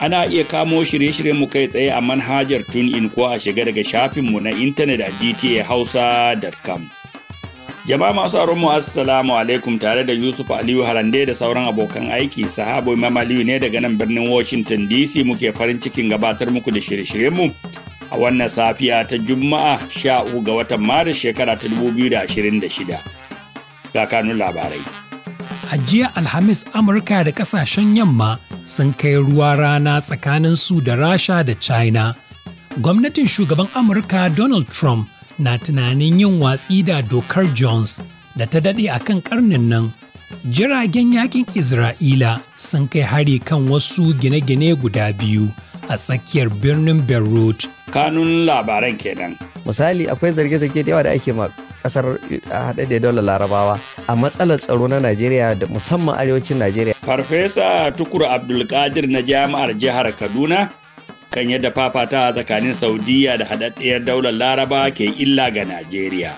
ana iya kamo shirye-shiryen mu kai tsaye a manhajar TuneIn ko a shiga daga shafinmu na intanet a gtahausa.com. Jama'a masu aron mu assalamu alaikum tare da Yusuf Aliyu Harande da sauran abokan aiki sahabo Imam Aliyu ne daga nan birnin Washington DC muke farin cikin gabatar muku da shirye-shiryen mu a wannan safiya ta Juma'a 13 ga watan Maris shekara ta 2026. Ga kanun labarai. A jiya Alhamis Amurka da kasashen yamma sun kai ruwa rana tsakanin su da Rasha da China. Gwamnatin shugaban Amurka Donald Trump na tunanin yin watsi da dokar Jones da ta daɗe a kan ƙarnin nan. Jiragen yakin Isra'ila sun kai hari kan wasu gine-gine guda biyu a tsakiyar birnin Beirut. Kanun labaran kenan. Misali akwai zarge-zarge da yawa da ake ma kasar a da daular larabawa a matsalar tsaro na najeriya da musamman arewacin najeriya farfesa tukur abdulkadir na jami'ar jihar kaduna kan yadda fafata tsakanin saudiya da haɗaɗɗiyar daular laraba ke illa ga najeriya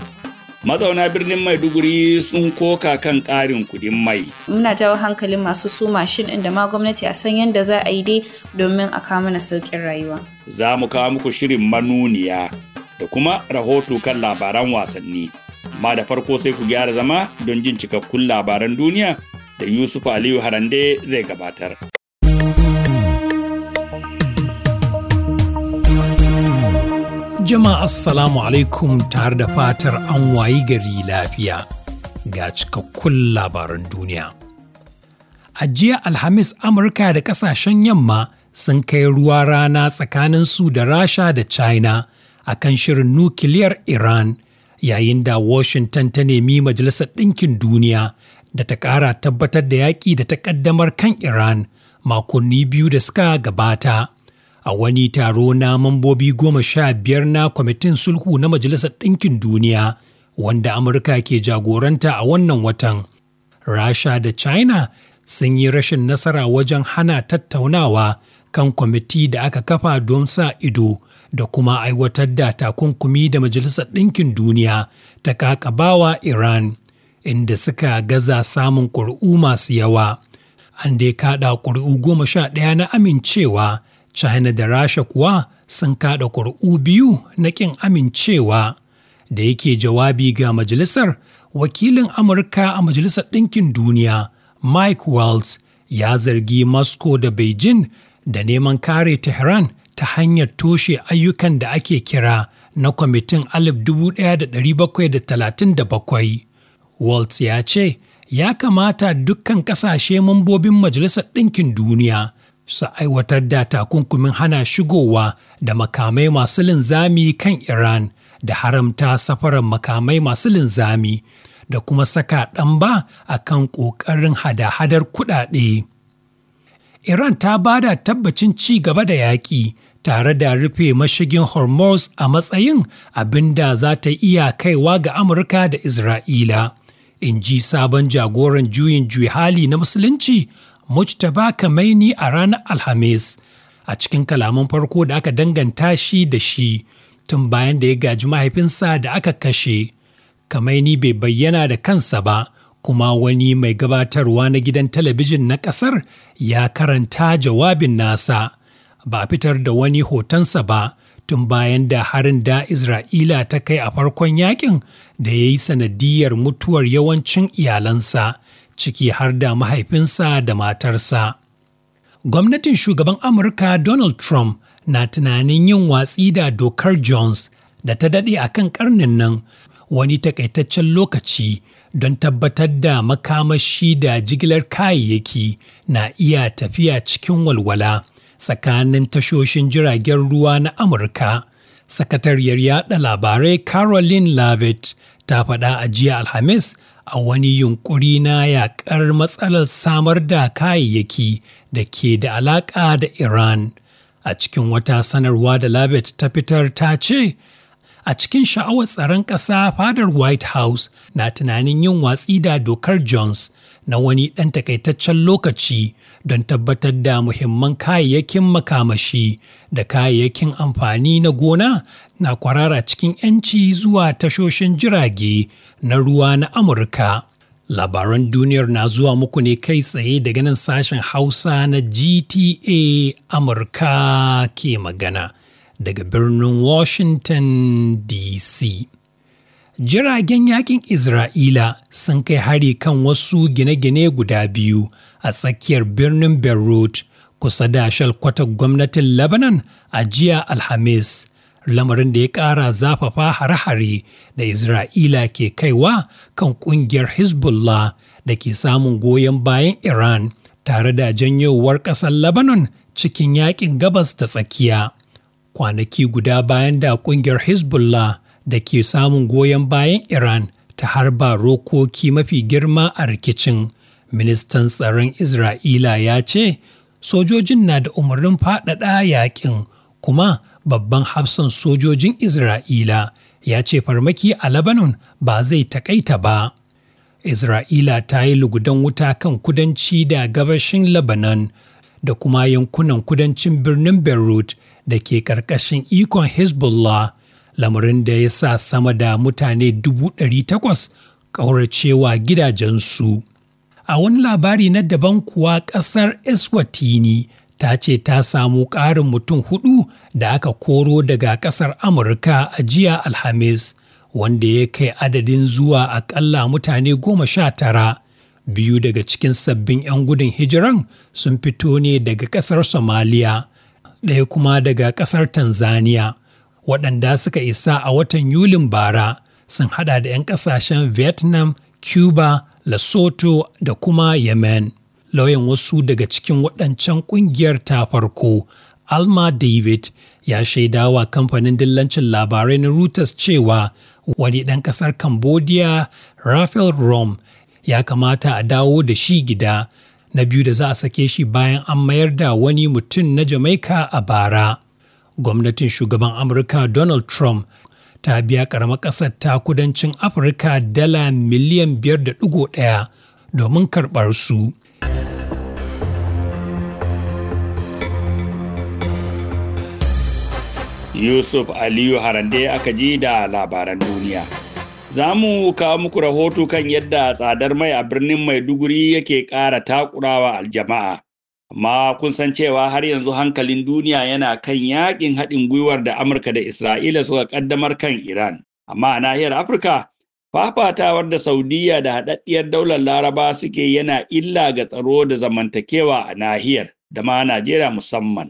mazauna birnin maiduguri sun koka kan ƙarin kuɗin mai muna jawo hankalin masu su mashin inda ma gwamnati a san yadda za a yi dai domin a kawo mana sauƙin rayuwa za mu kawo muku shirin manuniya da kuma rahoto kan labaran wasanni. Amma da farko sai ku gyara zama don jin cikakkun labaran duniya da Yusuf Aliyu Harande zai gabatar. Jama'a Assalamu alaikum tare da fatar an wayi gari lafiya ga cikakkun labaran duniya. A jiya Alhamis Amurka da kasashen yamma sun kai ruwa rana tsakanin su da Rasha da China a kan shirin nukiliyar Iran yayin da Washington ta nemi Majalisar Ɗinkin Duniya da ta ƙara tabbatar da yaƙi da ta ƙaddamar kan Iran makonni biyu da suka gabata. A wani taro na mambobi goma sha biyar na Kwamitin Sulhu na Majalisar Ɗinkin Duniya wanda Amurka ke jagoranta a wannan watan. Rasha da China sun yi rashin nasara wajen hana tattaunawa kan kwamiti da aka kafa don sa ido da kuma aiwatar da takunkumi da Majalisar Ɗinkin Duniya ta kakabawa Iran, inda suka gaza samun ƙuri'u masu yawa. An dai kaɗa ƙuri'u goma sha ɗaya na amincewa, China da Rasha kuwa sun kaɗa ƙuri'u biyu na ƙin amincewa. Da yake jawabi ga majalisar, wakilin Amurka a Majalisar Ɗinkin Duniya, Mike Waltz, ya zargi Moscow da Beijing da neman kare Tehran ta hanyar toshe ayyukan da ake kira na kwamitin 1737. Waltz ya ce, ya kamata dukkan ƙasashe mambobin Majalisar Ɗinkin Duniya su aiwatar da takunkumin hana shigowa da makamai masu linzami kan Iran da haramta safarar makamai masu linzami da kuma saka ɗamba a kan ƙoƙarin hada-hadar kuɗaɗe. Iran ta bada tabbacin ci gaba da yaƙi tare da rufe mashigin hormuz a matsayin abin da za ta iya kaiwa ga amurka da isra'ila in ji sabon jagoran juyin juhali na musulunci mujtaba kamaini a ranar alhamis a cikin kalaman farko da aka danganta shi da shi tun bayan da ya gaji mahaifinsa da aka kashe kamaini bai bayyana da kansa ba kuma wani mai gabatarwa na gidan talabijin na ƙasar ya karanta jawabin nasa ba a fitar da wani hotonsa ba tun bayan da harin da Isra'ila ta kai a farkon yakin da ya yi sanadiyar mutuwar yawancin iyalansa ciki har da mahaifinsa da matarsa. Gwamnatin shugaban Amurka Donald Trump na tunanin yin watsi da dokar Jones da ta daɗe a kan karnin nan wani takaitaccen lokaci don tabbatar da makamashi da jigilar kayayyaki na iya tafiya cikin walwala tsakanin tashoshin jiragen ruwa na Amurka. Sakatariyar yada labarai Caroline Lavitt ta faɗa a jiya Alhamis a wani yunkuri na yaƙar matsalar samar da kayayyaki da ke da alaƙa da Iran. A cikin wata sanarwa da Lavitt ta fitar ta ce, a cikin sha'awar tsaron ƙasa fadar White House na tunanin yin watsi da dokar Jones na wani ɗan takaitaccen lokaci don tabbatar da muhimman kayayyakin makamashi da kayayyakin amfani na gona na kwarara cikin 'yanci zuwa tashoshin jirage na ruwa na Amurka. Labaran duniyar na zuwa muku ne kai tsaye daga nan sashen Hausa na GTA Amurka ke magana daga birnin Washington DC. Jiragen yakin Isra'ila sun kai hari kan wasu gine-gine guda biyu a tsakiyar birnin Beirut kusa da shalkwatar gwamnatin Lebanon a jiya Alhamis. lamarin da ya ƙara zafafa hare-hare da Isra'ila ke kaiwa kan ƙungiyar Hezbollah da ke samun goyon bayan Iran tare da janyowar ƙasar Lebanon cikin yakin gabas ta tsakiya. Kwanaki guda bayan da ƙungiyar Hezbollah da ke samun goyon bayan Iran ta harba rokoki mafi girma a rikicin. Ministan tsaron Isra'ila ya ce, sojojin na da umarnin faɗaɗa yaƙin kuma babban hafsan sojojin Isra'ila ya ce farmaki a Lebanon ba zai takaita ba. Isra'ila ta yi lugudan wuta kan kudanci da gabashin Lebanon da kuma yankunan kudancin birnin Beirut da ke ƙarƙashin ikon Hezbollah lamarin da ya sa sama da mutane dubu ɗari takwas, ƙauracewa gidajensu. A wani labari na daban kuwa ƙasar Eswatini ta ce ta samu ƙarin mutum hudu da aka koro daga ƙasar Amurka a jiya Alhamis, wanda ya kai adadin zuwa aƙalla mutane goma sha tara. Biyu daga cikin sabbin 'yan gudun hijiran sun fito ne daga ƙasar Somaliya, ɗaya kuma daga ƙasar Tanzania. waɗanda suka isa a watan Yulin bara sun hada da 'yan ƙasashen Vietnam, Cuba, Lesotho da kuma Yemen. Lauyan wasu daga cikin waɗancan ƙungiyar ta farko, Alma David, ya shaidawa kamfanin dillancin labarai na Reuters cewa wani ɗan ƙasar Cambodia, Rafael Rom, ya kamata a dawo da shi gida na biyu da za a sake shi bayan an mayar da wani mutum na jamaica a bara. gwamnatin shugaban amurka donald trump ta biya ƙaramar ƙasar ta kudancin afirka dala miliyan 5.1 domin karɓar su yusuf aliyu harande aka ji da labaran duniya za mu kawo muku rahoto kan yadda tsadar mai a birnin maiduguri yake ƙara takurawa aljama'a amma kun san cewa har yanzu hankalin duniya yana kan yakin haɗin gwiwar da amurka da isra'ila suka ƙaddamar kan iran amma a nahiyar afirka fafatawar da Saudiyya da haɗaɗɗiyar daular laraba suke yana illa ga tsaro da zamantakewa a nahiyar da ma najeriya musamman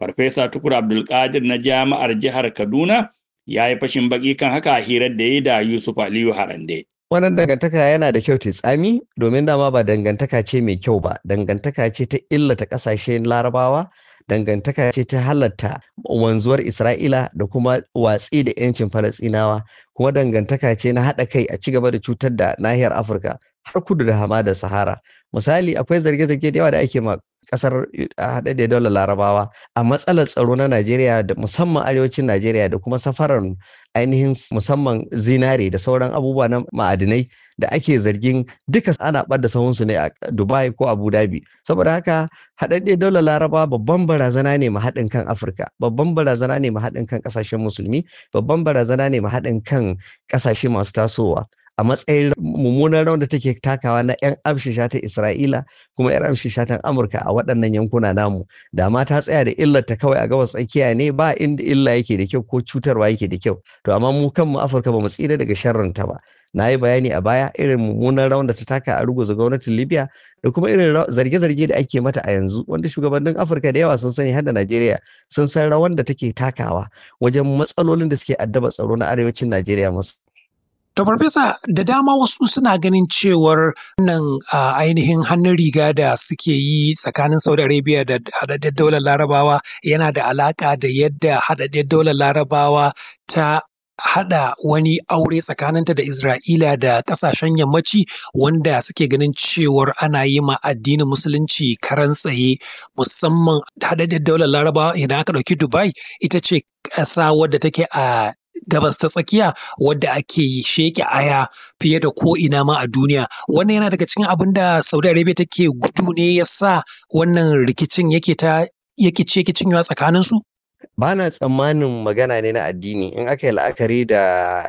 farfesa tukur abdulkadir na jami'ar jihar kaduna ya yi fashin baki kan haka a hirar da ya da yusuf aliyu harande wannan dangantaka yana da kyau ta tsami domin dama ba dangantaka ce mai kyau ba dangantaka ce ta illata ƙasashen larabawa dangantaka ce ta halatta wanzuwar isra'ila da kuma watsi da 'yancin falasinawa kuma dangantaka ce na haɗa kai a cigaba da cutar da nahiyar afirka har kudu da hama da sahara misali akwai zarge-zarge da yawa da ake kasar eh, a haɗe da dole larabawa a matsalar tsaro na najeriya da musamman arewacin najeriya da kuma safarar ainihin musamman zinare da sauran abubuwa na ma'adinai da ake zargin duka ana ɓadda sahunsu ne a dubai ko abu dhabi saboda haka haɗaɗɗe dole laraba babban barazana ne haɗin kan afirka babban barazana ne haɗin kan ƙasashen musulmi babban barazana ne haɗin kan ƙasashe masu tasowa a matsayin mummunan rawar da take takawa na 'yan amshisha ta Isra'ila kuma 'yan amshisha ta Amurka a waɗannan yankuna namu da ma ta tsaya da illar ta kawai a gabas tsakiya ne ba inda illa yake da kyau ko cutarwa yake da kyau to amma mu kanmu Afirka ba mu tsira daga sharrin ta ba na yi bayani a baya irin mummunan rawar da ta taka a ruguza gwamnatin libya da kuma irin zarge-zarge da ake mata a yanzu wanda shugabannin afirka da yawa sun sani har da najeriya sun san rawar da take takawa wajen matsalolin da suke addaba tsaro na arewacin najeriya To farfesa da dama wasu suna ganin cewar nan a ainihin hannun riga da suke yi tsakanin Saudi Arabia da haɗaɗɗen daular larabawa yana da alaƙa da yadda haɗaɗɗen daular larabawa ta haɗa wani aure tsakaninta da Isra'ila da ƙasashen yammaci wanda suke ganin cewar ana yi ma addinin musulunci karan tsaye musamman haɗaɗɗen daular larabawa idan aka ɗauki Dubai ita ce ƙasa wadda take a gabas ta tsakiya wadda ake sheke aya fiye da ko ina ma a duniya wannan yana daga cikin abin da saudi arabia take gudu ne ya sa wannan rikicin yake ta yake ce cinyewa tsakanin su Bana tsammanin magana ne na addini in aka yi la'akari da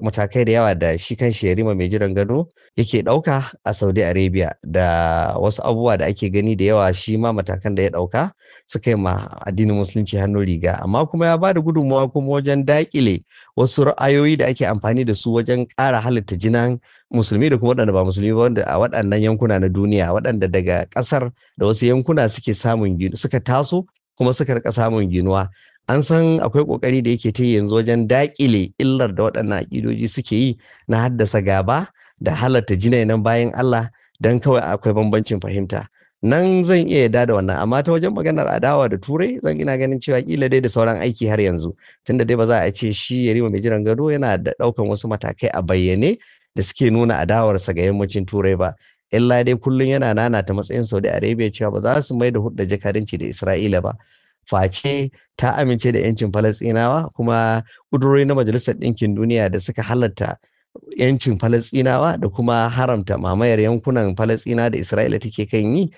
matakai da yawa da shi kan yarima mai jiran gado yake ɗauka a saudi arabia da wasu abubuwa da ake gani da yawa shi ma matakan da ya ɗauka suka yi ma addinin musulunci hannu riga amma kuma ya ba da gudunmawa kuma wajen daƙile wasu ra'ayoyi da ake amfani da su wajen ƙara halitta jinan musulmi da kuma waɗanda ba musulmi ba wanda a waɗannan yankuna na duniya waɗanda daga ƙasar da wasu yankuna suke samun suka taso kuma suka rika samun ginuwa an san akwai kokari da yake ta yanzu wajen dakile illar da waɗannan aƙidoji suke yi na haddasa gaba da halarta jinainan bayan Allah don kawai akwai bambancin fahimta nan zan iya yarda da wannan amma ta wajen maganar adawa da turai zan ina ganin cewa kila dai da sauran aiki har yanzu tunda dai ba za a ce shi yarima mai jiran gado yana da ɗaukan wasu matakai a bayyane da suke nuna adawarsa ga yammacin turai ba in dai kullum yana nanata matsayin saudi arabia cewa ba za su mai da hudda jakadanci da isra'ila ba face ta amince da yancin falasinawa kuma ƙudurori na majalisar ɗinkin duniya da suka halatta yancin falasinawa da kuma haramta mamayar yankunan falasina da isra'ila take kan yi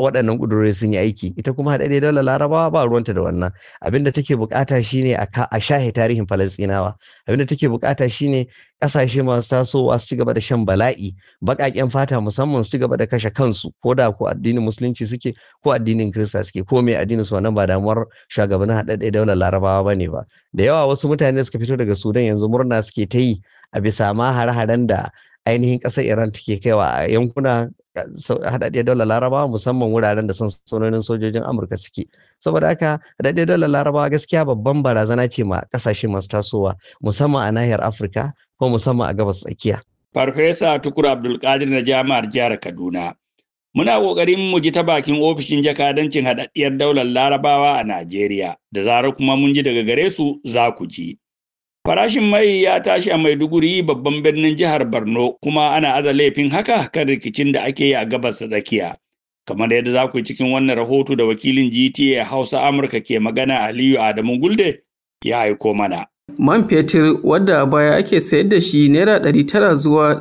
waɗannan ƙudurori sun yi aiki ita kuma haɗe haɗaɗɗiyar dole larabawa ba ruwanta da wannan abinda take bukata shine a shahe tarihin falastinawa abinda take bukata shine ƙasashe masu tasowa su ci gaba da shan bala'i baƙaƙen fata musamman su ci gaba da kashe kansu ko da ko addinin musulunci suke ko addinin kirista suke ko mai addinin su wannan ba damuwar shugabannin haɗaɗɗiyar daular larabawa ba ne ba da yawa wasu mutane suka fito daga sudan yanzu murna suke ta yi a bisa ma hare-haren da ainihin ƙasar Iran take kaiwa a yankuna haɗaɗɗiyar daular larabawa musamman wuraren da sansanonin sojojin amurka suke saboda haka haɗaɗɗiyar daular larabawa gaskiya babban barazana ce ma ƙasashe masu tasowa musamman a nahiyar afirka ko musamman a gabas tsakiya farfesa tukur abdulkadir na jami'ar jihar kaduna muna ƙoƙarin mu ji ta bakin ofishin jakadancin haɗaɗɗiyar daular larabawa a najeriya da zarar kuma mun ji daga gare su za ku ji Farashin mai ya tashi a Maiduguri babban birnin jihar Borno kuma ana aza laifin haka kan rikicin da ake yi a gabas tsakiya. Kamar yadda za ku yi cikin wannan rahoto da wakilin GTA Hausa Amurka ke magana Aliyu Adamu Gulde ya aiko mana. Man fetur, wadda a baya ake sayar da shi Naira 900 zuwa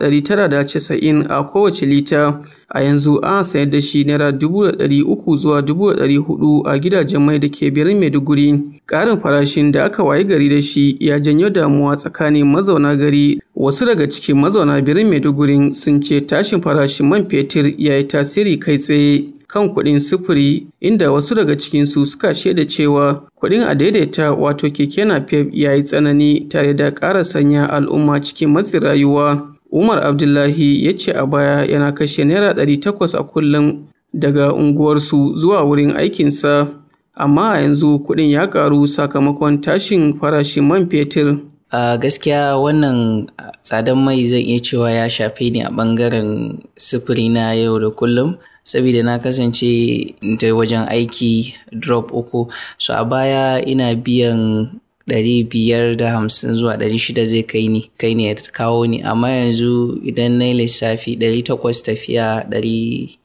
casa'in a kowace lita, a yanzu an sayar da shi Naira 300 zuwa 400 a gidajen mai da ke birnin Maiduguri. Ƙarin farashin da aka wayi gari da shi ya janyo damuwa tsakanin mazauna gari. Wasu daga cikin mazauna birnin Maiduguri sun ce tashin farashin man fetur ya yi tasiri kai tsaye. kan kuɗin sufuri inda wasu daga cikinsu suka shaida cewa kuɗin a daidaita wato keke napep ya yi tsanani tare da ƙara sanya al'umma cikin matsin rayuwa. Umar Abdullahi ya ce a baya yana kashe naira ɗari takwas a kullum daga unguwarsu zuwa wurin aikinsa, amma a yanzu kuɗin ya ƙaru sakamakon tashin farashin man fetur. a uh, gaskiya wannan tsadan mai zan iya cewa ya shafe ni a ɓangaren sufuri na yau da kullum saboda na kasance ta wajen aiki drop uku so a baya ina biyan ɗari da hamsin zuwa ɗari zai kai ni kai ne ya kawo ni amma yanzu idan na yi lissafi ɗari takwas tafiya ɗari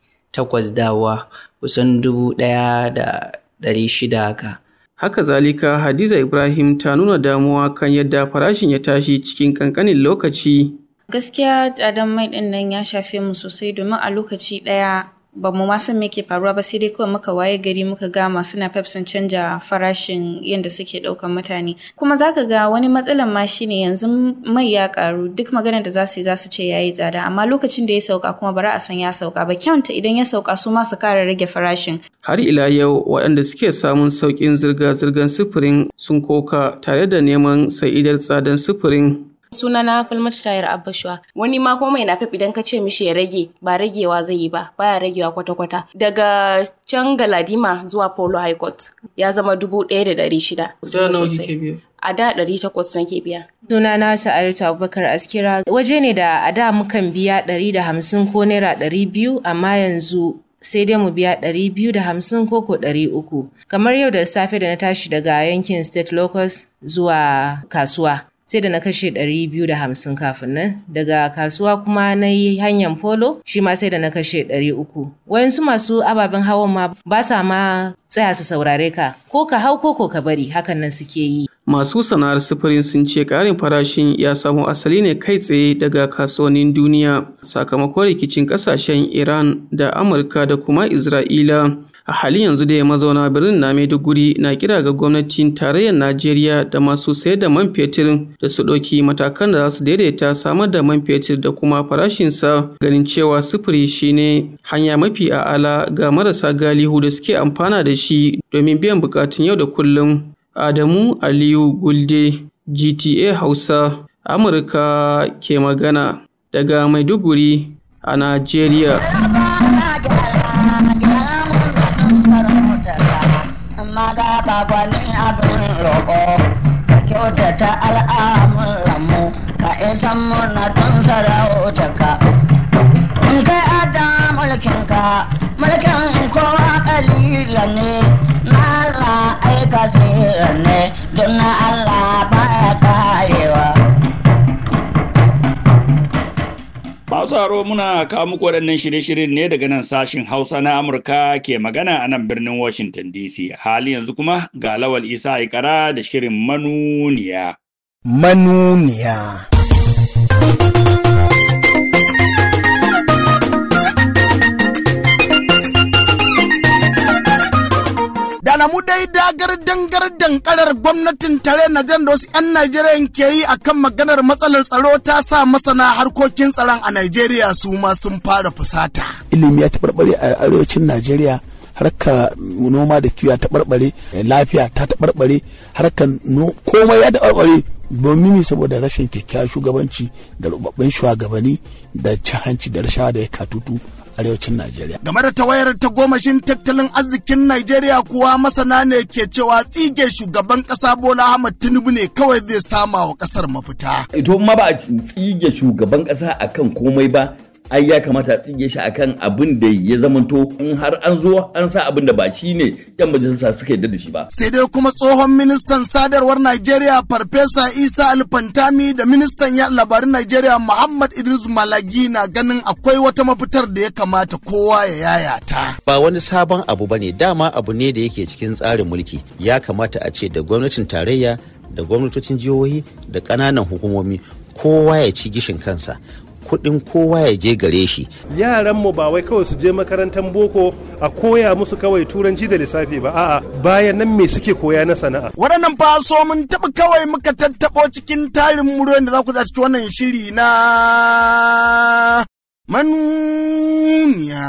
dawa kusan dubu ɗaya da ɗari haka haka zalika hadiza ibrahim ta nuna damuwa kan yadda farashin ya tashi cikin kankanin lokaci gaskiya tsadan mai ɗin nan ya shafe mu sosai domin a lokaci ɗaya ba mu ma san me ke faruwa ba sai dai kawai muka waye gari muka ga masu na pep sun canja farashin yadda suke ɗaukan mutane kuma zaka ga wani matsalan ma shine yanzu mai ya ƙaru duk maganar da za su yi za su ce yayi tsada amma lokacin da ya sauka kuma bara a san ya sauka ba kyanta idan ya sauka su ma su kara rage farashin har ila yau waɗanda suke samun sauƙin zirga zirgan sufurin sun koka tare da neman sa'idar tsadan sufurin suna na falmar shayar abbashuwa wani ma ko mai nafef idan ka ce mishi ya rage ba ragewa zai yi ba baya ragewa kwata kwata daga can galadima zuwa polo high court ya zama dubu ɗaya da ɗari shida a da ɗari takwas nake biya. Suna na Sa'arita Abubakar Askira waje ne da a da mukan biya ɗari da hamsin ko naira ɗari biyu amma yanzu sai dai mu biya ɗari biyu da hamsin ko ko ɗari uku. Kamar yau da safe da na tashi daga yankin State Locust zuwa kasuwa. sai da na kashe ɗari biyu da hamsin kafin nan daga kasuwa kuma na yi hanyar polo shi ma sai da na kashe ɗari 300 wayansu masu ababen hawan ma ba sa ma tsaya su saurare ka ko ka hau ko ka bari hakan nan suke yi masu sana'ar sufurin sun ce karin farashin ya samu asali ne kai tsaye daga kasuwannin duniya sakamakon rikicin kasashen iran da amurka da kuma isra'ila a halin yanzu dai mazauna birnin na maiduguri na kira ga gwamnatin tarayyar najeriya da masu sayar da man fetur da su ɗauki matakan da za su daidaita samar da man fetur da kuma farashinsa ganin cewa sufuri shine hanya mafi a'ala ga marasa galihu da suke amfana da shi domin biyan bukatun yau da kullum adamu aliyu gulde gta hausa amurka ke magana daga maiduguri a najeriya fani abin roƙo ka kyautata lamu ka isa muna don sarautaka in kai adam mulkinka mulkin kowa ƙalila ne sauraro muna kawo muku waɗannan shirye-shiryen ne daga nan sashin Hausa na Amurka ke magana a nan birnin Washington DC. Hali yanzu kuma ga Lawal Isa Ikara da shirin manuniya. Manuniya. mana mu dai dagar dangar dankarar gwamnatin tare na jan da wasu 'yan Najeriya ke yi a kan maganar matsalar tsaro ta sa masana harkokin tsaron a Najeriya su ma sun fara fusata. Ilimi ya taɓarɓare a arewacin Najeriya harka noma da kiwo ya taɓarɓare lafiya ta taɓarɓare harkan komai ya taɓarɓare domin saboda rashin kyakkyawan shugabanci da rubabban shugabanni da ci hanci da rashawa da ya katutu arewacin Najeriya. Game da tawayar ta gomashin tattalin arzikin Najeriya kuwa masana ne ke cewa tsige shugaban kasa Bola Ahmad Tinubu ne kawai zai sama wa ƙasar mafita. Ito ma ba a tsige shugaban ƙasa akan komai ba ai ya kamata tsige shi akan abin da ya zamanto in har an zo an sa abin da ba shi ne yan majalisa suka yarda da shi ba. Sai dai kuma tsohon ministan sadarwar Najeriya Farfesa Isa Alfantami da ministan 'yan labarin Najeriya Muhammad Idris Malagi na ganin akwai wata mafitar da ya kamata kowa ya yayata. Ba wani sabon abu bane dama abu ne da yake cikin tsarin mulki ya kamata a ce da gwamnatin tarayya da gwamnatocin jihohi da kananan hukumomi kowa ya ci gishin kansa kuɗin kowa ya je gare shi yaran mu ba wai kawai su je makarantar boko a koya musu kawai turanci da lissafi ba a'a bayan nan me suke koya na sana'a waɗannan fa so mun taɓa kawai muka tattaɓo cikin tarin muryoyin da za ku cikin wannan shiri na manuniya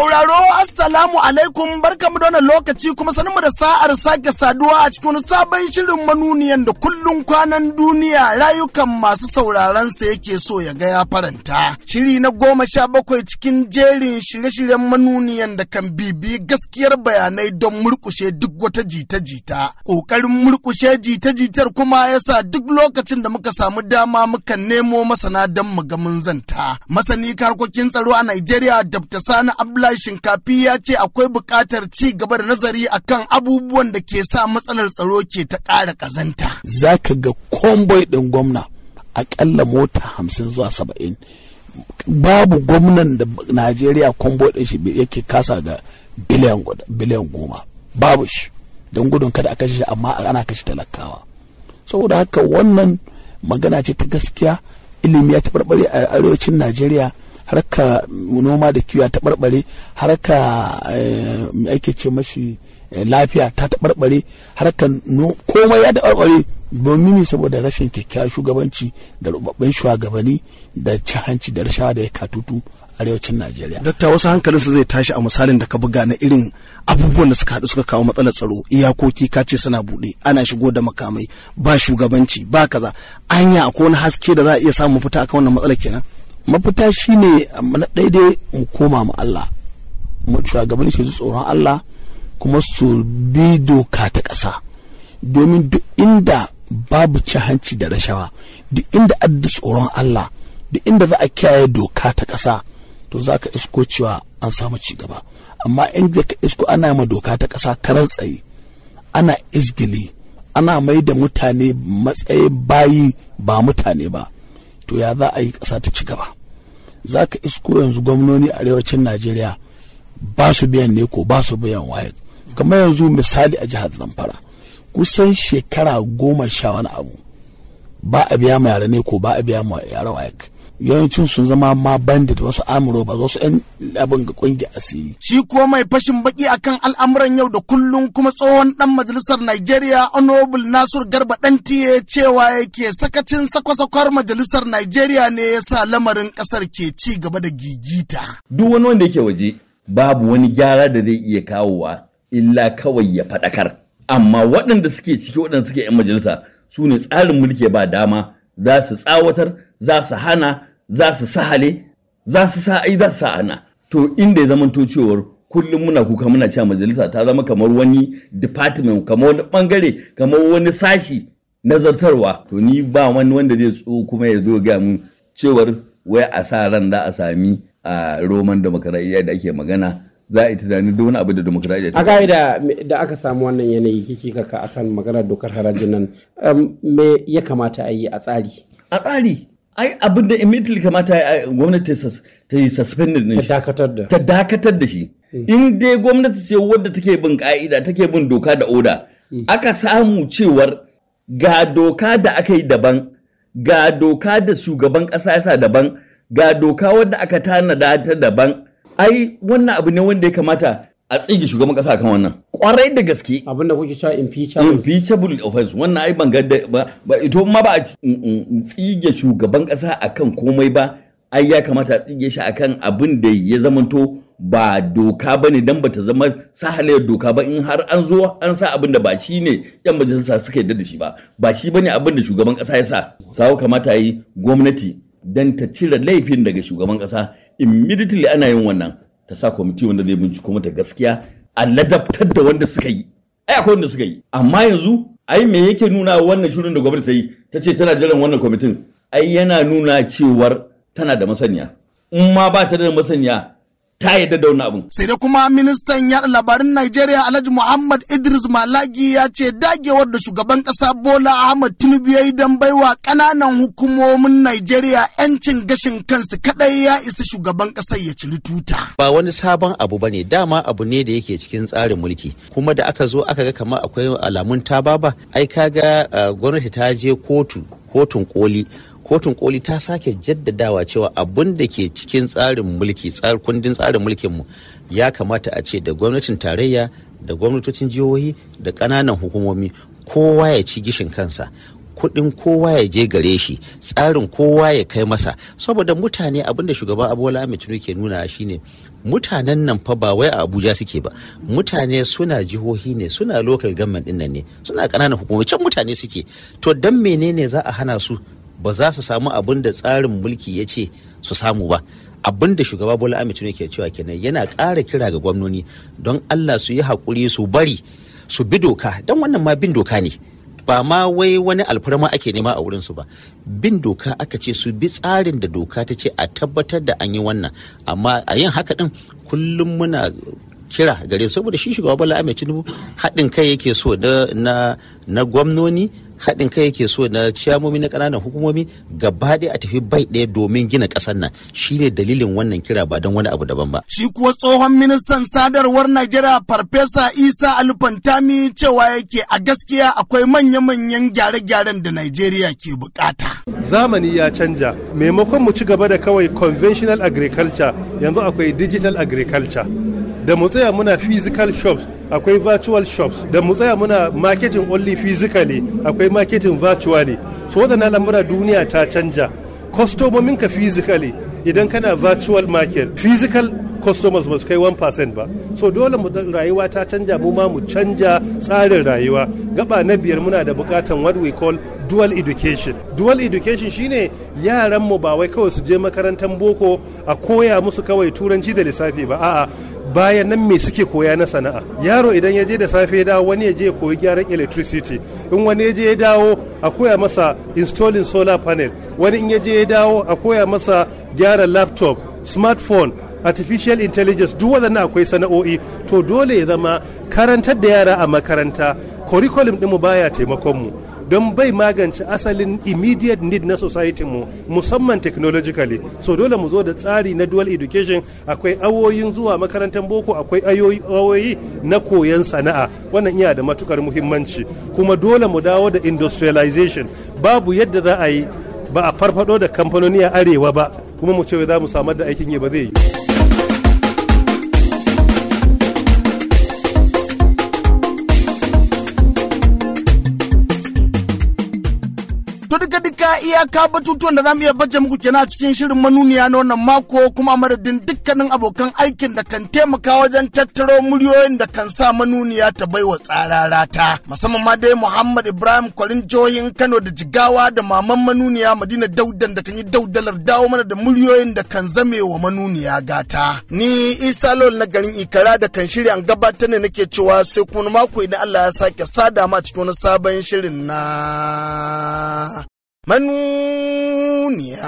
sauraro assalamu alaikum barkamu da wannan lokaci kuma sanin mu da sa'ar sake saduwa a cikin sabon shirin manuniyan da kullum kwanan duniya rayukan masu sauraron sa yake so ya ga ya faranta. Shiri na goma sha bakwai cikin jerin shirye-shiryen manuniyan da kan bibi gaskiyar bayanai don murkushe duk wata jita-jita. Ƙoƙarin murkushe jita-jitar kuma yasa duk lokacin da muka samu dama muka nemo masana don mu ga mun zanta. Masani karkokin tsaro a Najeriya Dr. Sani Abdullahi Abdullahi Shinkafi ya ce akwai buƙatar ci gaba da nazari akan abubuwan da ke sa matsalar tsaro ke ta ƙara ƙazanta. Za ka ga komboi ɗin gwamna aƙalla mota hamsin zuwa saba'in. Babu gwamnan da Najeriya komboi ɗin shi yake kasa ga biliyan goma. Babu shi. Don gudun kada a kashe shi amma ana kashe talakawa. Saboda haka wannan magana ce ta gaskiya ilimi ya taɓarɓare a arewacin Najeriya. harka noma da kiwo ya barbare harka eh, mai ake ce mashi eh, lafiya ta taɓarɓare harka komai ya taɓarɓare domin saboda rashin kyakkyawan shugabanci da rubabban shugabanni da ci hanci da rashawa da ya katutu arewacin najeriya dakta wasu hankalinsa zai tashi a misalin da ka buga na irin abubuwan da suka haɗu suka kawo matsalar tsaro iyakoki ka ce suna buɗe ana shigo da makamai ba shugabanci ba kaza anya akwai wani haske da za a iya samun mafita akan wannan matsalar kenan mafita shi ne na daidai mu koma mu Allah mu shi su tsoron Allah kuma su bi doka ta ƙasa domin duk inda babu ci hanci da rashawa duk inda adda tsoron Allah duk inda za a kiyaye doka ta ƙasa to za ka isko cewa an samu ci gaba amma inda ka isko ana ma doka ta ƙasa karan tsaye ana izgili ana mai da mutane matsayin bayi ba mutane ba to ya za a yi ƙasa ta ci gaba za ka isko yanzu gwamnoni a arewacin najeriya ba su biyan ne ko ba su biyan waye kamar yanzu misali a jihar zamfara kusan shekara goma sha wani abu ba a biya ma yara ne ko ba a biya ma yara waye yawancin sun zama ma bandit wasu amuro ba wasu yan abin ga kungiya asiri. Shi ko mai fashin baki akan al'amuran yau da kullum kuma tsohon dan majalisar Najeriya Honorable Nasur Garba Dantiye cewa yake sakacin sakwasakwar majalisar Najeriya ne ya sa lamarin kasar ke ci gaba da gigita. Duk wani wanda yake waje babu wani gyara da zai iya kawowa illa kawai ya faɗakar. Amma waɗanda suke ciki waɗanda suke 'yan majalisa su ne tsarin mulki ba dama za su tsawatar za su hana za su sahale za su sa ai za su sa ana to inda ya zamanto cewar kullum muna kuka muna cewa majalisa ta zama kamar wani department kamar wani bangare kamar wani sashi nazartarwa to ni ba wani wanda zai tso kuma ya zo ga mu cewar wai a sa ran za a sami a roman demokaradiyya da ake magana za a yi tunanin duk wani abu da demokaradiyya a da aka samu wannan yanayi kiki kaka akan maganar dokar harajin nan um, me ya kamata a yi a tsari a tsari ai abin da immediately kamata gwamnati ta yi suspended ne ta ta dakatar da shi hmm. in dai gwamnati ce wadda take bin ka'ida take bin doka da oda hmm. aka samu cewar ga doka da aka yi daban ga doka da shugaban ƙasa yasa daban ga doka wadda aka tanada ta daban ai wannan abu ne wanda ya kamata a tsige shugaban kasa kan wannan kwarai da gaske abin da kuke cewa impeachable impeachable offense wannan ai ban ga ba ito ma ba a tsige shugaban kasa akan komai ba ai ya kamata a tsige shi akan abin da ya zamanto ba doka ba ne don ba ta zama sahalayar doka ba in har an zo an sa abin da ba shi ne yan majalisa suka yarda da shi ba ba shi ba ne abin da shugaban kasa ya sa sawo kamata yi gwamnati dan ta cire laifin daga shugaban kasa immediately ana yin wannan ta sa kwamiti wanda zai binciko mata gaskiya a ladabtar da wanda suka yi ai akwai wanda suka yi amma yanzu ai me yake nuna wannan shirin da gwamnati ta yi ta ce tana jiran wannan kwamitin ai yana nuna cewar tana da masaniya in ma ba ta da masaniya ta yadda da wannan abun. Sai da kuma ministan yaɗa labarin Najeriya Alhaji Muhammad Idris Malagi ya ce dagewar da shugaban ƙasa Bola Ahmad Tinubu ya yi don baiwa ƙananan hukumomin Najeriya 'yancin gashin kansu kaɗai ya isa shugaban ƙasar ya ciri tuta. Ba wani sabon abu ba ne dama abu ne da yake cikin tsarin mulki kuma da aka zo aka ga kamar akwai alamun tababa ai kaga eh, gwamnati ta je kotu kotun koli kotun koli ta sake jaddadawa cewa abun da ke cikin tsarin mulki kundin tsarin mulkin mu ya kamata a ce da gwamnatin tarayya da gwamnatocin jihohi da kananan hukumomi kowa ya ci gishin kansa kuɗin kowa ya je gare shi tsarin kowa ya kai masa saboda mutane abin da shugaban abubuwa ahmed tunu ke nuna shine mutanen nan fa ba wai a abuja suke ba mutane suna jihohi ne suna local government ɗin nan ne suna kananan hukumomi can mutane suke to don menene za a hana su ba za su samu abin da tsarin mulki ya ce su samu ba abin da shugaba bola ahmed tinubu ke cewa kenan yana kara kira ga gwamnoni don allah su yi haƙuri su bari su bi doka don wannan ma bin doka ne ba ma wai wani alfarma ake nema a wurinsu ba bin doka aka ce su bi tsarin da doka ta ce a tabbatar da an yi wannan amma a yin haka din kullum muna kira gare saboda shi shugaba bola ahmed tinubu haɗin kai yake so na gwamnoni haɗin kai yake so na ciyamomi na ƙananan hukumomi gaba ɗaya a tafi bai ɗaya domin gina ƙasar nan shine dalilin wannan kira ba don wani abu daban ba. Shi kuwa tsohon ministan sadarwar Najeriya Farfesa Isa Alfantami cewa yake a gaskiya akwai manya-manyan gyare-gyaren da Najeriya ke bukata. Zamani ya canja maimakon mu ci gaba da kawai conventional agriculture yanzu akwai digital agriculture. da mu tsaya muna physical shops akwai virtual shops da mu tsaya muna marketing only physically akwai marketing virtually so wadannan lamura duniya ta canja ka physically idan kana virtual market physical customers ba su kai 1% ba so dole mu rayuwa ta canja mu ma mu canja tsarin rayuwa gaba na biyar muna da bukatan what we call dual education dual education shine yaran mu ba wai kawai su je makarantar boko a koya musu kawai turanci da lissafi ba a'a bayan nan me suke koya na sana'a yaro idan ya je da safe ya dawo wani ya je ya koyi gyaran electricity in wani ya je ya dawo a koya masa installing solar panel wani in ya je ya dawo a koya masa gyara laptop smartphone artificial intelligence duk waɗannan akwai sana'o'i to dole ya zama karantar da yara a makaranta curriculum ɗinmu baya taimakon mu don bai magance asalin immediate need na society mu musamman technologically so dole mu zo da tsari na dual education akwai awoyin zuwa makarantar boko akwai awoyi na koyon sana'a wannan iya da matukar muhimmanci kuma dole mu dawo da industrialization babu yadda za a yi ba a farfado da kamfanoni a arewa ba kuma mu ce za mu samar da aikin yi ba zai yi iyaka batutuwan da za mu iya baje muku kenan a cikin shirin manuniya na wannan mako kuma madadin dukkanin abokan aikin da kan taimaka wajen tattaro muryoyin da kan sa manuniya ta baiwa tsararata musamman ma dai Muhammad Ibrahim Kwalin jihohin Kano da Jigawa da maman manuniya Madina Daudan da kan yi daudalar dawo mana da muryoyin da kan zame wa manuniya gata ni Isa Lol na garin Ikara da kan shirya an gabatar ne nake cewa sai kuma mako idan Allah ya sake sada ma cikin wani sabon shirin na manuniya.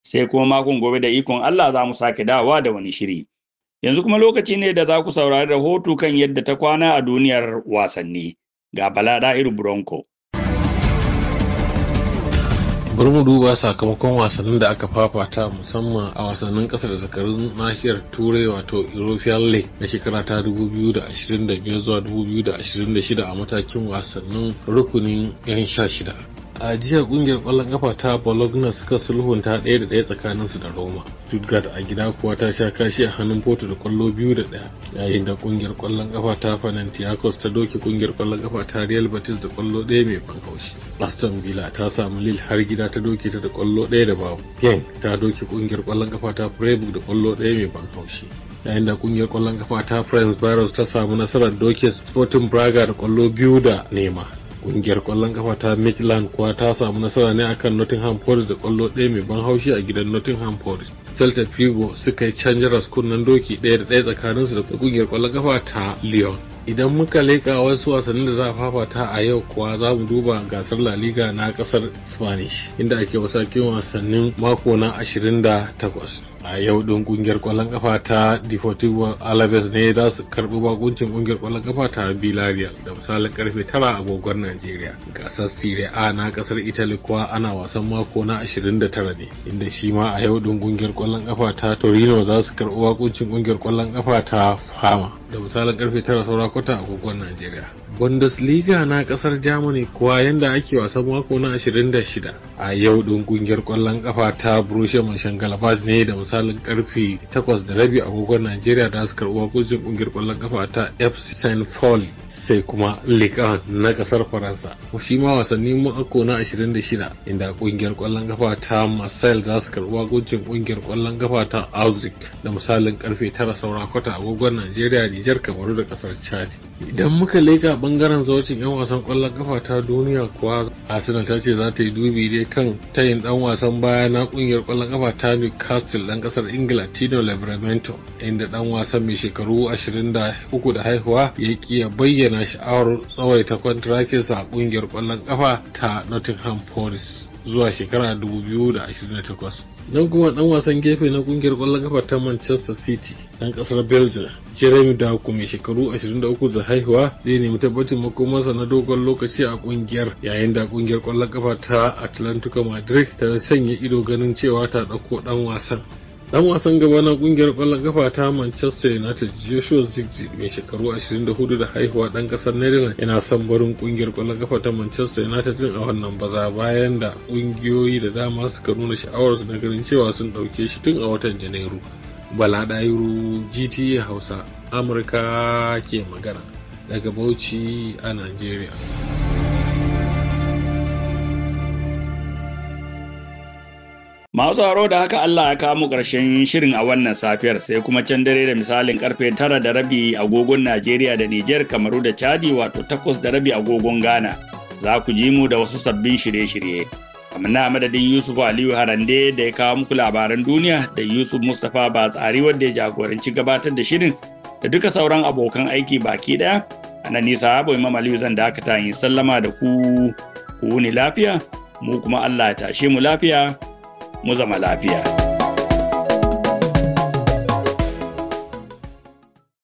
sai kuma makon gobe da ikon Allah za mu sake dawa da wani shiri. Yanzu kuma lokaci ne da za ku saurari rahoto kan yadda ta kwana a duniyar wasanni ga Bala Da'iru Bronco. bari mu duba sakamakon wasannin da aka fafata musamman a wasannin kasar zakarun nahiyar turai wato european league na shekara ta 2025 zuwa 2026 a matakin wasannin rukunin yan sha shida a jiya kungiyar kwallon kafa ta bologna suka sulhunta ɗaya da daya tsakanin su da roma stuttgart a gida kuwa ta sha kashi a hannun porto da kwallo biyu da daya. yayin da kungiyar kwallon kafa ta panathinaikos ta doke kungiyar kwallon kafa ta real batis da kwallo ɗaya mai ban haushi aston villa ta samu lille har gida ta doke ta da kwallo ɗaya da babu gen ta doke kungiyar kwallon kafa ta freiburg da kwallo ɗaya mai ban haushi yayin da kungiyar kwallon kafa ta france virus ta samu nasarar doke sporting braga da kwallo biyu da nema kungiyar kwallon kafa ta Midland kuwa ta samu nasara ne akan Nottingham Forest da kwallo ɗaya mai ban haushi a gidan Nottingham Forest. Celta Vigo suka yi canjin raskunan doki ɗaya da ɗaya tsakaninsu da kungiyar kwallon kafa ta Lyon. Idan muka leƙa wasu wasannin da za a fafata a yau kuwa za mu duba gasar La Liga na ƙasar Spanish inda ake wasakin wasannin mako na 28. a yau din kungiyar kwallon kafa ta deportivo alaves ne za su karbi bakuncin ƙungiyar kwallon kafa ta bilarial da misalin karfe tara agogon najeriya gasar serie a na ƙasar italy kuwa ana wasan mako na 29 ne inda shi ma a yau din kungiyar kwallon kafa ta torino za su karbi bakuncin ƙungiyar kwallon kafa ta fama da misalin karfe tara saura kwata agogon najeriya Bundesliga na kasar Germany kuwa yadda ake wasan mako na 26 a yau ɗin kungiyar kwallon kafa ta Borussia Mönchengladbach ne da misalin karfe 8 da rabi agogon Najeriya da su karɓi kungiyar kwallon ƙafa ta FC St. Paul sai kuma Ligue 1 na kasar Faransa. Shi ma wasanni mako na 26 inda kungiyar kwallon kafa ta Marseille za su karbi wagoncin kungiyar kwallon kafa ta Azric da misalin karfe 9 saura kwata agogon Najeriya Nijar Kamaru da kasar Chad. Idan muka leka bangaren zaucin 'yan wasan kwallon kafa ta duniya kuwa Arsenal ta ce za ta yi dubi dai kan tayin dan wasan baya na kungiyar kwallon kafa ta Newcastle dan kasar Ingila Tino Livramento inda dan wasan mai shekaru 23 da haihuwa ya ki ya bayyana na sha'awar tsawaita kwantarakinsa a kungiyar kwallon kafa ta Nottingham Forest zuwa shekara 2028. Nan kuma dan wasan gefe na kungiyar kwallon kafa ta Manchester City dan kasar Belgium Jeremy Doku mai shekaru 23 da haihuwa zai nemi tabbacin makomarsa na dogon lokaci a kungiyar yayin da kungiyar kwallon kafa ta Atlantico Madrid ta sanya ido ganin cewa ta dauko dan wasan. dan wasan gaba na kungiyar kwallon kafa ta manchester united joshua zigzi mai shekaru 24 da haihuwa dan kasar netherlands yana son barin kungiyar kwallon kafa ta manchester united din a wannan baza bayan da kungiyoyi da dama suka nuna sha'awarsu na ganin cewa sun dauke shi tun a watan janairu bala dairu gta hausa amurka ke magana daga bauchi a nigeria Masu haro da haka Allah ya kamu ƙarshen shirin a wannan safiyar sai kuma can dare da misalin karfe tara da rabi agogon Najeriya da Nijar Kamaru da Chadi wato takwas da rabi agogon Ghana. Za ku ji mu da wasu sabbin shirye-shirye. Kamar madadin Yusuf Aliyu Harande da ya kawo muku labaran duniya da Yusuf Mustapha Batsari wanda ya jagoranci gabatar da shirin da duka sauran abokan aiki baki ɗaya. A nan nisa Abu Imam Aliyu zan dakata yin sallama da ku ku wuni lafiya mu kuma Allah ya tashe mu lafiya. mu zama lafiya.